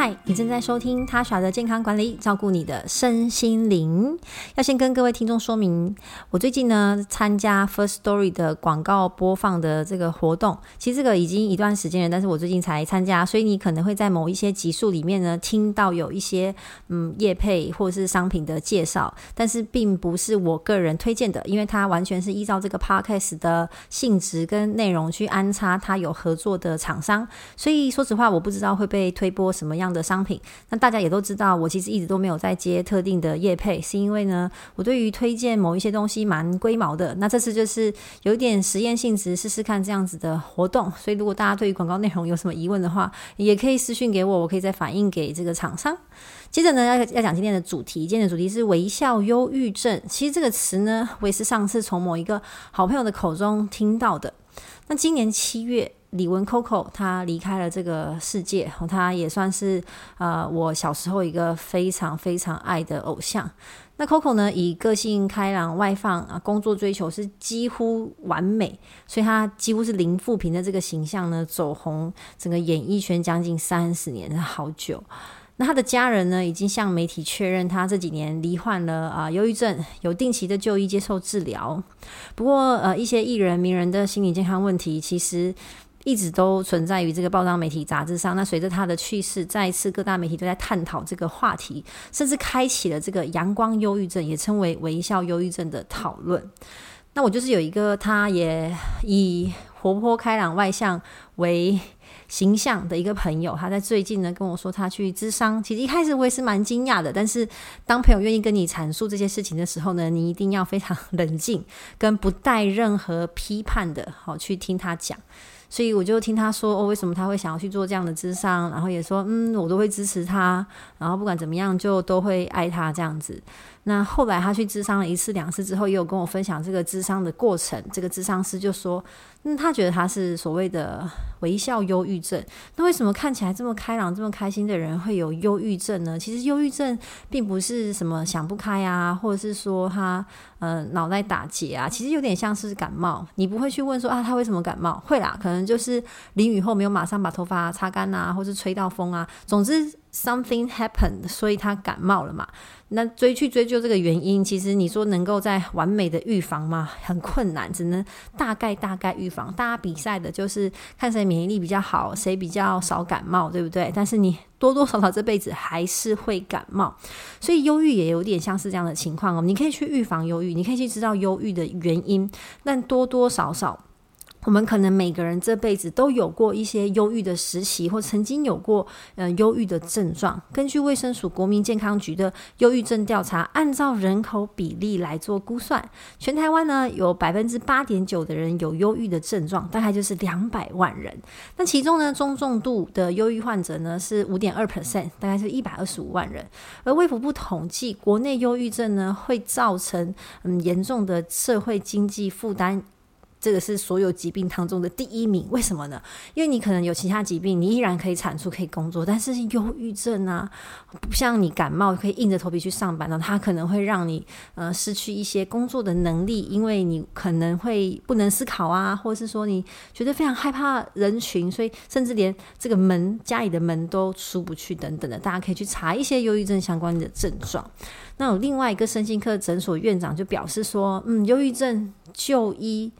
嗨，你正在收聽 Tasha 的健康管理，照顧你的身心靈。要先跟各位聽眾說明，我最近呢參加 First Story 的廣告播放的這個活動，其實這個已經一段時間了，但是我最近才參加，所以你可能會在某一些集數裡面呢聽到有一些嗯業配或者是商品的介紹，但是並不是我個人推薦的，因為它完全是依照這個 Podcast 的性質跟內容去安插它有合作的廠商，所以說實話，我不知道會被推播什麼樣的的商品，那大家也都知道，我其實一直都沒有在接特定的業配，是因為呢，我對於推薦某一些東西蠻龜毛的。那這次就是有點實驗性質，試試看這樣子的活動。所以如果大家對於廣告內容有什麼疑問的話，也可以私訊給我，我可以再反映給這個廠商。接着呢，要要講今天的主題，今天的主題是微笑憂鬱症。其實這個詞呢，我也是上次從某一個好朋友的口中聽到的。那今年七月。李玟 Coco 他離開了這個世界，他也算是呃我小時候一個非常非常愛的偶像。那 Coco 呢，以個性開朗外放啊，工作追求是幾乎完美，所以他幾乎是零負評的這個形象呢，走紅整個演藝圈將近三十年好久。那他的家人呢，已經向媒體確認，他這幾年罹患了啊憂鬱症，有定期的就醫接受治療。不過呃，一些藝人名人的心理健康問題其實。一直都存在於這個報章媒體雜誌上。那隨着他的去世，再一次各大媒體都在探討這個話題，甚至開啟了這個“陽光憂鬱症”也稱為“微笑憂鬱症”的討論。那我就是有一個，他也以活潑開朗外向為形象的一個朋友，他在最近呢跟我說他去諮商。其實一開始我也是蠻驚訝的，但是當朋友願意跟你闡述這些事情的時候呢，你一定要非常冷靜跟不帶任何批判的好、哦、去聽他講。所以我就聽他說哦，為什麼他會想要去做這樣的諮商？然後也說嗯，我都會支持他，然後不管怎麼樣就都會愛他這樣子。那後來他去諮商了一次兩次之後，也有跟我分享這個諮商的過程。這個諮商師就說：“那、嗯、他覺得他是所謂的微笑憂鬱症。那為什麼看起來這麼開朗、這麼開心的人會有憂鬱症呢？其實憂鬱症並不是什麼想不開啊，或者是說他嗯、呃、腦袋打結啊。其實有點像是感冒。你不會去問說啊，他為什麼感冒？會啦，可能就是淋雨後沒有馬上把頭髮擦乾啊，或是吹到風啊。總之。” Something happened，所以他感冒了嘛？那追去追究這個原因，其實你說能夠在完美的預防嘛？很困難，只能大概大概預防。大家比賽的就是看誰免疫力比較好，誰比較少感冒，對不對？但是你多多少少這輩子還是會感冒，所以憂鬱也有點像是這樣的情況哦。你可以去預防憂鬱，你可以去知道憂鬱的原因，但多多少少。我們可能每個人這輩子都有過一些憂鬱的時期，或曾經有過嗯憂鬱的症狀。根據衛生署國民健康局的憂鬱症調查，按照人口比例來做估算，全台灣呢有百分之八點九的人有憂鬱的症狀，大概就是兩百萬人。那其中呢中重度的憂鬱患者呢是五點二 percent，大概是一百二十五萬人。而衛福部統計，國內憂鬱症呢會造成嗯嚴重的社會經濟負擔。這個是所有疾病當中的第一名，為什麼呢？因為你可能有其他疾病，你依然可以產出、可以工作，但是憂鬱症啊，不像你感冒可以硬着頭皮去上班呢，它可能會讓你呃失去一些工作的能力，因為你可能會不能思考啊，或者是說你覺得非常害怕人群，所以甚至連這個門家裡的門都出不去等等的，大家可以去查一些憂鬱症相關的症狀。那有另外一個身心科診所院長就表示說，嗯，憂鬱症就醫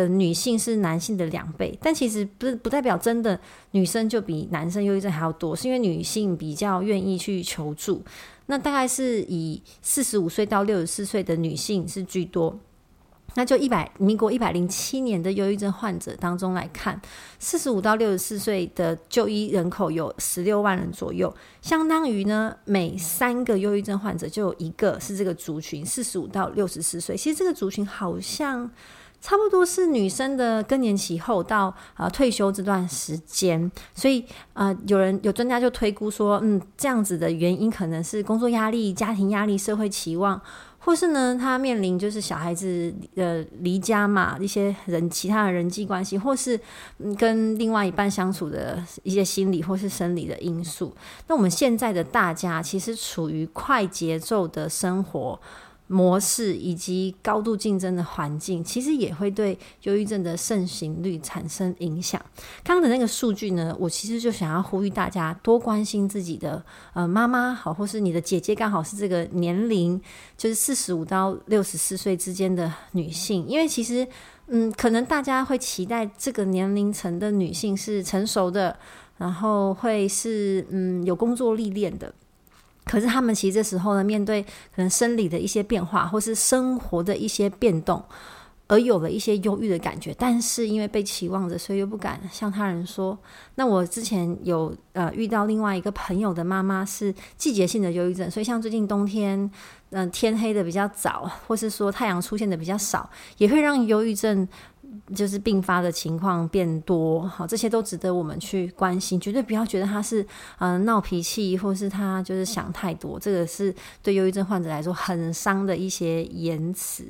的女性是男性的兩倍，但其實不不代表真的女生就比男生憂鬱症還要多，是因為女性比較願意去求助，那大概是以四十五歲到六十四歲的女性是居多。那就一百民國一百零七年的憂鬱症患者當中來看，四十五到六十四歲的就醫人口有十六萬人左右，相當於呢，每三個憂鬱症患者就有一個是這個族群，四十五到六十四歲。其實這個族群好像差不多是女生的更年期後到啊、呃、退休這段時間，所以呃有人有專家就推估說，嗯，這樣子的原因可能是工作壓力、家庭壓力、社會期望。或是呢，他面臨就是小孩子呃離家嘛，一些人其他的人際關係，或是跟另外一半相處的一些心理或是生理的因素。那我們現在的大家其實處於快節奏的生活，模式以及高度競爭的環境，其實也會對憂鬱症的盛行率產生影響。剛剛的那個數據呢，我其實就想要呼籲大家多關心自己的呃媽媽，好，或是你的姐姐，剛好是這個年齡，就是45到64歲之間的女性，因為其實嗯，可能大家會期待這個年齡層的女性是成熟的，然後會是嗯有工作歷練的。可是他們其實這時候呢，面對可能生理的一些變化，或是生活的一些變動，而有了一些憂鬱的感覺。但是因為被期望着，所以又不敢向他人說。那我之前有呃遇到另外一個朋友的媽媽是季節性的憂鬱症，所以像最近冬天，嗯、呃，天黑的比較早，或是說太陽出現的比較少，也會讓憂鬱症。就是病發的情況變多，好，這些都值得我們去關心。絕對不要覺得他是嗯，呃，鬧脾氣，或是他就是想太多，這個是對憂鬱症患者來說很傷的一些言辭。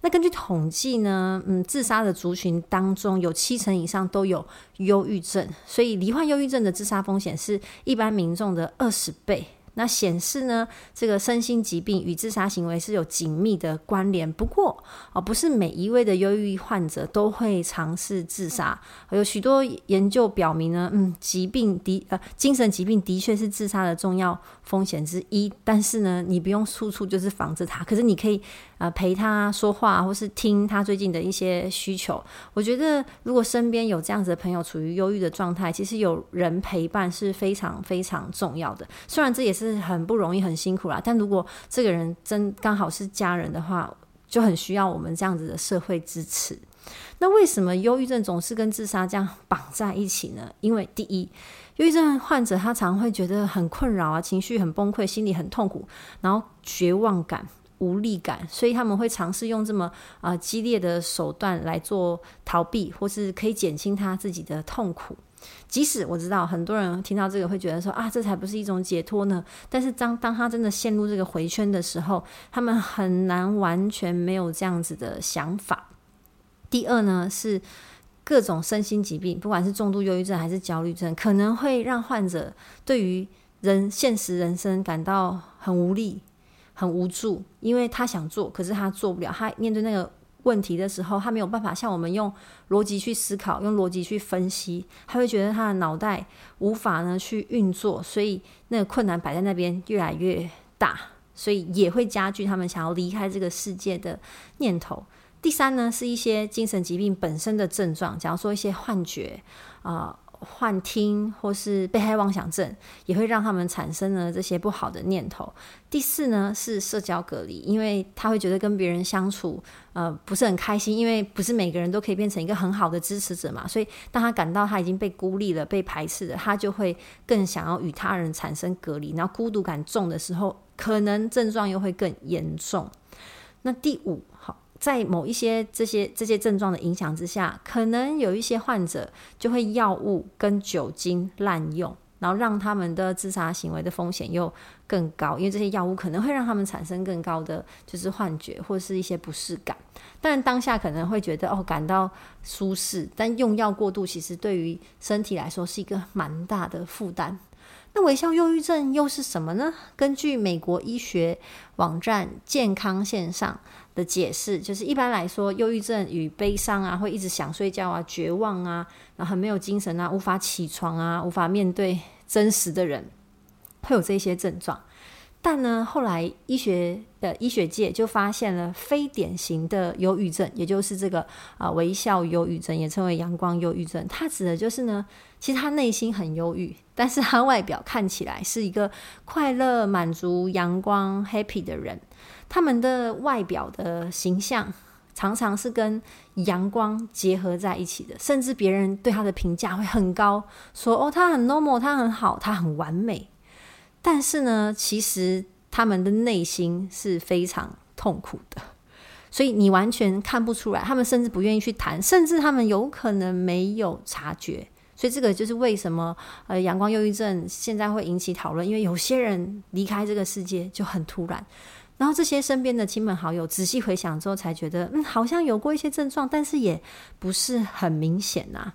那根據統計呢，嗯，自殺的族群當中有七成以上都有憂鬱症，所以罹患憂鬱症的自殺風險是一般民眾的二十倍。那顯示呢，這個身心疾病與自殺行為是有緊密的關聯。不過啊，不是每一位的憂鬱患、患者都會嘗試自殺。有許多研究表明呢，嗯，疾病的呃，精神疾病的確是自殺的重要風險之一，但是呢，你不用處處就是防着他，可是你可以啊、呃、陪他說話，或是聽他最近的一些需求。我覺得，如果身邊有這樣子的朋友處於憂鬱的狀態，其實有人陪伴是非常非常重要的。雖然這也是很不容易、很辛苦啦，但如果這個人真剛好是家人的話，就很需要我們這樣子的社會支持。那為什麼憂鬱症總是跟自殺這樣綁在一起呢？因為第一，因為這患者，他常會覺得很困擾啊，情緒很崩潰，心裡很痛苦，然後絕望感、無力感，所以他們會嘗試用這麼啊、呃、激烈的手段來做逃避，或是可以減輕他自己的痛苦。即使我知道很多人聽到這個會覺得說啊，這才不是一種解脫呢，但是當當他真的陷入這個迴圈的時候，他們很難完全沒有這樣子的想法。第二呢是。各種身心疾病，不管是重度憂鬱症還是焦慮症，可能會讓患者對於人現實人生感到很無力、很無助，因為他想做，可是他做不了。他面對那個問題的時候，他沒有辦法像我們用邏輯去思考、用邏輯去分析，他會覺得他的腦袋無法呢去運作，所以那個困難擺在那邊越來越大，所以也會加劇他們想要離開這個世界的念頭。第三呢，是一些精神疾病本身的症狀，假如說一些幻覺啊、呃、幻聽，或是被害妄想症，也會讓他們產生了這些不好的念頭。第四呢，是社交隔離，因為他會覺得跟別人相處呃不是很開心，因為不是每個人都可以變成一個很好的支持者嘛，所以當他感到他已經被孤立了、被排斥了，他就會更想要與他人產生隔離，然後孤獨感重的時候，可能症狀又會更嚴重。那第五，在某一些這些這些症狀的影響之下，可能有一些患者就會藥物跟酒精濫用，然後讓他們的自殺行為的風險又更高。因為這些藥物可能會讓他們產生更高的就是幻覺或是一些不適感，但當下可能會覺得哦感到舒適，但用藥過度其實對於身體來說是一個蠻大的負擔。那微笑憂鬱症又是什麼呢？根據美國醫學網站健康線上。的解釋就是，一般來說，憂鬱症與悲傷啊，會一直想睡覺啊，絕望啊，然後很沒有精神啊，無法起床啊，無法面對真實的人，會有這些症狀。但呢，後來醫學的、呃、醫學界就發現了非典型的憂鬱症，也就是這個啊、呃、微笑憂鬱症，也稱為陽光憂鬱症。它指的就是呢，其實他內心很憂鬱。但是他外表看起來是一個快樂、滿足、陽光、happy 的人，他們的外表的形象常常是跟陽光結合在一起的，甚至別人對他的評價會很高，說哦，他很 normal，他很好，他很完美。但是呢，其實他們的內心是非常痛苦的，所以你完全看不出來，他們甚至不願意去談，甚至他們有可能沒有察覺。所以這個就是為什麼呃，陽光憂鬱症現在會引起討論，因為有些人離開這個世界就很突然，然後這些身邊的親朋好友仔細回想之後，才覺得嗯，好像有過一些症狀，但是也不是很明顯吶、啊。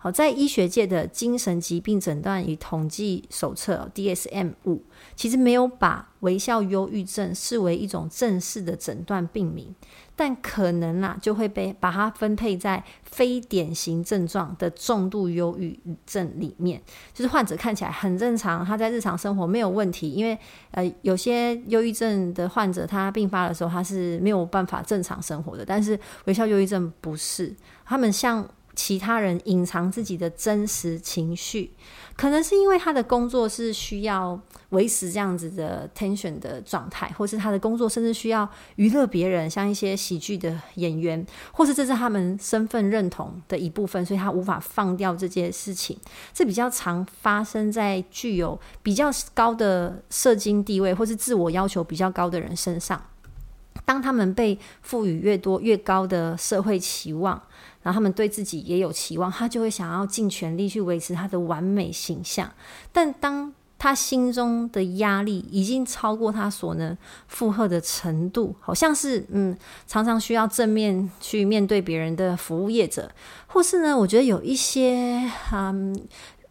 好，在醫學界的精神疾病診斷與統計手冊 （DSM 五）其實沒有把微笑憂鬱症視為一種正式的診斷病名，但可能啦、啊、就會被把它分配在非典型症狀的重度憂鬱症裡面。就是患者看起來很正常，他在日常生活沒有問題。因為呃，有些憂鬱症的患者他病發的時候他是沒有辦法正常生活的，但是微笑憂鬱症不是，他們像。其他人隱藏自己的真實情緒，可能是因為他的工作是需要維持這樣子的 tension 的狀態，或是他的工作甚至需要娛樂別人，像一些喜劇的演員，或是這是他們身份認同的一部分，所以他無法放掉這件事情。這比較常發生在具有比較高的社經地位或是自我要求比較高的人身上。當他們被賦予越多越高的社會期望，然後他們對自己也有期望，他就會想要盡全力去維持他的完美形象。但當他心中的壓力已經超過他所能負荷的程度，好像是嗯，常常需要正面去面對別人的服務業者，或是呢，我覺得有一些嗯。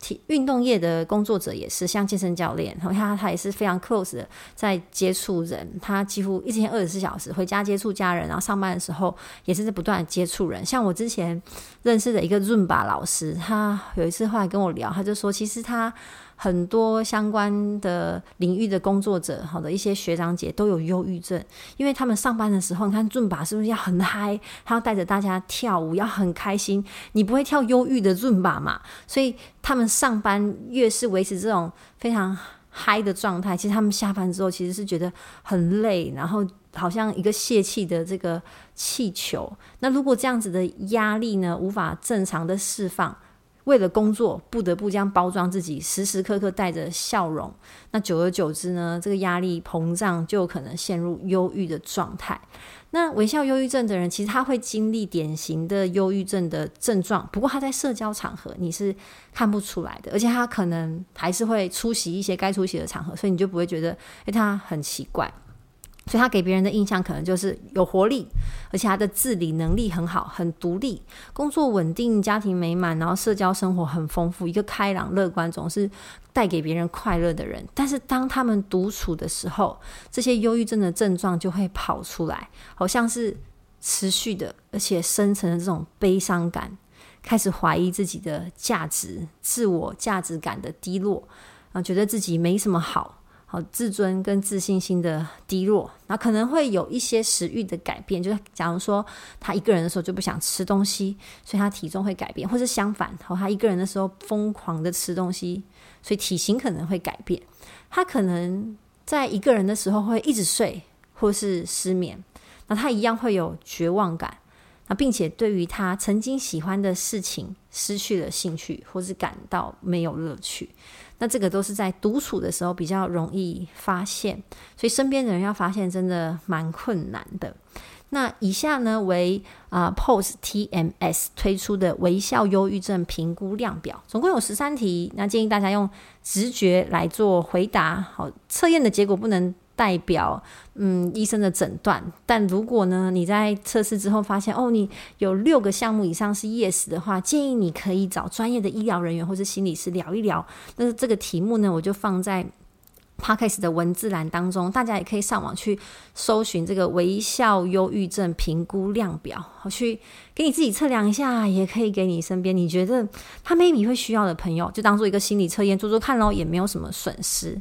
體運動業的工作者也是，像健身教練，他他也是非常 close 的，在接觸人，他幾乎一天二十四小時回家接觸家人，然後上班的時候也是在不斷接觸人。像我之前認識的一個 Zumba 老師，他有一次話跟我聊，他就說，其實他。很多相關的領域的工作者，好的一些學長姐都有憂鬱症，因為他們上班的時候，你看 Zumba，是不是要很嗨，他要帶着大家跳舞，要很開心，你不會跳憂鬱的 Zumba 嘛？所以他們上班越是維持這種非常嗨的狀態，其實他們下班之後其實是覺得很累，然後好像一個洩氣的這個氣球。那如果這樣子的壓力呢，無法正常的釋放。為了工作，不得不將包裝自己，時時刻刻帶着笑容。那久而久之呢，這個壓力膨脹就可能陷入憂鬱的狀態。那微笑憂鬱症的人，其實他會經歷典型的憂鬱症的症狀，不過他在社交場合你是看不出來的，而且他可能還是會出席一些該出席的場合，所以你就不會覺得誒、欸，他很奇怪。所以，他給別人的印象可能就是有活力，而且他的自理能力很好，很獨立，工作穩定，家庭美滿，然後社交生活很豐富，一個開朗、樂觀，總是帶給別人快樂的人。但是，當他們獨處的時候，這些憂鬱症的症狀就會跑出來，好像是持續的，而且深沉的這種悲傷感，開始懷疑自己的價值，自我價值感的低落，啊，覺得自己沒什麼好。好，自尊跟自信心的低落，那可能會有一些食慾的改變，就是假如說他一個人的時候就不想吃東西，所以他體重會改變，或是相反，好，他一個人的時候瘋狂地吃東西，所以體型可能會改變。他可能在一個人的時候會一直睡，或是失眠，那他一樣會有絕望感，那並且對於他曾經喜歡的事情失去了興趣，或是感到沒有樂趣。那這個都是在獨處的時候比較容易發現，所以身邊的人要發現真的蠻困難的。那以下呢為啊、呃、Pulse TMS 推出的微笑憂鬱症評估量表，總共有十三題。那建議大家用直覺來做回答。好，測驗的結果不能。代表嗯醫生的診斷，但如果呢你在測試之後發現哦你有六個項目以上是 yes 的話，建議你可以找專業的醫療人員或者心理師聊一聊。但是這個題目呢，我就放在 Podcast 的文字欄當中，大家也可以上網去搜尋這個微笑憂鬱症評估量表，好去給你自己測量一下，也可以給你身邊你覺得他 maybe 會需要的朋友，就當做一個心理測驗做做看嘍，也沒有什麼損失。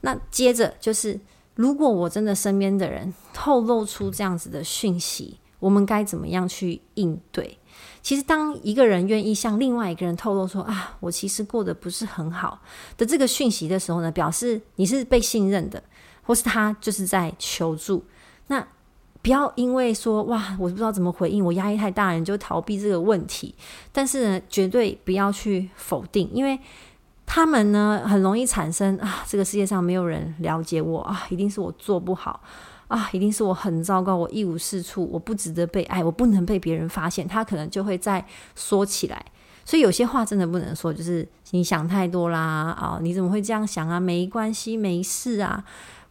那接着就是。如果我真的身邊的人透露出這樣子的訊息，我們該怎麼樣去應對？其實，當一個人願意向另外一個人透露說：“啊，我其實過得不是很好”的這個訊息的時候呢，表示你是被信任的，或是他就是在求助。那不要因為說“哇，我不知道怎麼回應”，我壓力太大，你就逃避這個問題。但是呢，絕對不要去否定，因為。他們呢，很容易產生啊，這個世界上沒有人了解我啊，一定是我做不好啊，一定是我很糟糕，我一無是處，我不值得被愛，我不能被別人發現，他可能就會再說起來。所以有些話真的不能說，就是你想太多啦，啊，哦，你怎麼會這樣想啊？沒關係，沒事啊，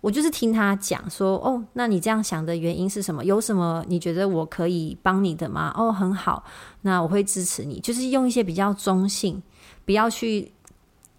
我就是聽他講說，哦，那你這樣想的原因是什麼？有什麼你覺得我可以幫你的嗎？哦，很好，那我會支持你，就是用一些比較中性，不要去。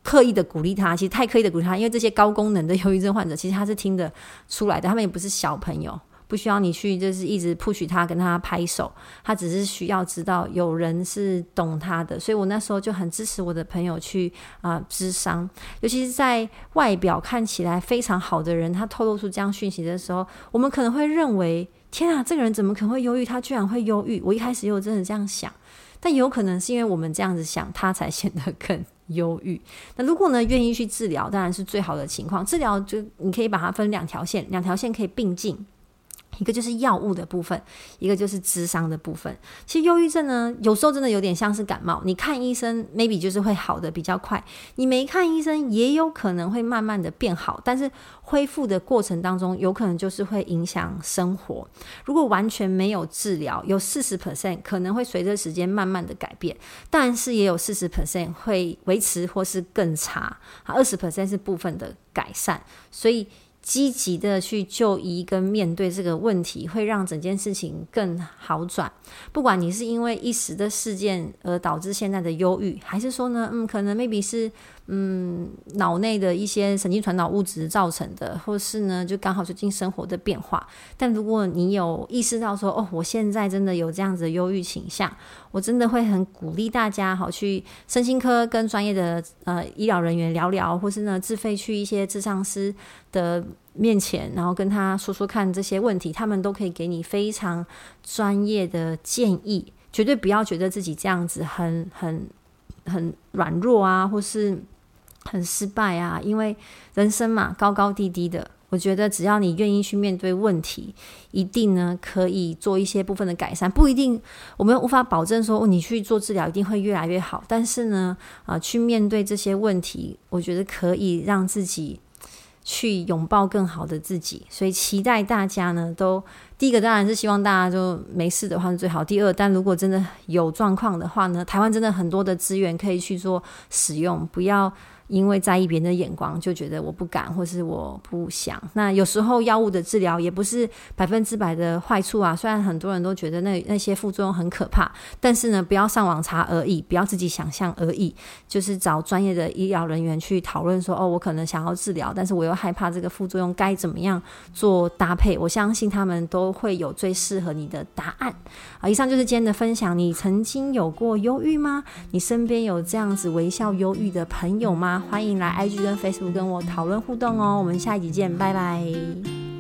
刻意的鼓勵他，其實太刻意的鼓勵他，因為這些高功能的憂鬱症患者，其實他是聽得出來的。他們也不是小朋友，不需要你去就是一直 push 他，跟他拍手。他只是需要知道有人是懂他的。所以我那時候就很支持我的朋友去啊，呃，諮商。尤其是在外表看起來非常好的人，他透露出這樣訊息的時候，我們可能會認為：天啊，這個人怎麼可能會憂鬱？他居然會憂鬱！我一開始又真的這樣想，但有可能是因為我們這樣子想，他才顯得更。憂鬱，那如果呢？願意去治療，當然是最好的情況。治療就你可以把它分兩條線，兩條線可以並進。一個就是藥物的部分，一個就是諮商的部分。其實憂鬱症呢，有時候真的有點像是感冒。你看醫生，maybe 就是會好的比較快；你沒看醫生，也有可能會慢慢的變好。但是恢復的過程當中，有可能就是會影響生活。如果完全沒有治療，有四十 percent 可能會隨着時間慢慢的改變，但是也有四十 percent 會維持或是更差。二十 percent 是部分的改善，所以。積極的去就醫跟面對這個問題，會讓整件事情更好轉。不管你是因為一時的事件而導致現在的憂鬱，還是說呢，嗯，可能 maybe 是，嗯，腦內的一些神經傳導物質造成的，或是呢就剛好最近生活的變化。但如果你有意識到說，哦，我現在真的有這樣子的憂鬱傾向。我真的會很鼓勵大家好，好去身心科跟專業的呃醫療人員聊聊，或是呢自費去一些諮商師的面前，然後跟他說說看這些問題，他們都可以給你非常專業的建議。絕對不要覺得自己這樣子很很很軟弱啊，或是很失敗啊，因為人生嘛，高高低低的。我覺得只要你願意去面對問題，一定呢可以做一些部分的改善。不一定，我們無法保證說、哦、你去做治療一定會越來越好，但是呢，啊、呃，去面對這些問題，我覺得可以讓自己去擁抱更好的自己。所以期待大家呢，都第一個當然是希望大家就沒事的話最好。第二，但如果真的有狀況的話呢，台灣真的很多的資源可以去做使用，不要。因為在意別人的眼光，就覺得我不敢，或是我不想。那有時候藥物的治療也不是百分之百的壞處啊。雖然很多人都覺得那那些副作用很可怕，但是呢，不要上網查而已，不要自己想象而已，就是找專業的醫療人員去討論說，哦，我可能想要治療，但是我又害怕這個副作用，該怎麼樣做搭配？我相信他們都會有最適合你的答案。啊，以上就是今天的分享。你曾經有過憂鬱嗎？你身邊有這樣子微笑憂鬱的朋友嗎？歡迎來 IG 跟 Facebook 跟我討論互動哦，我們下一集見，拜拜。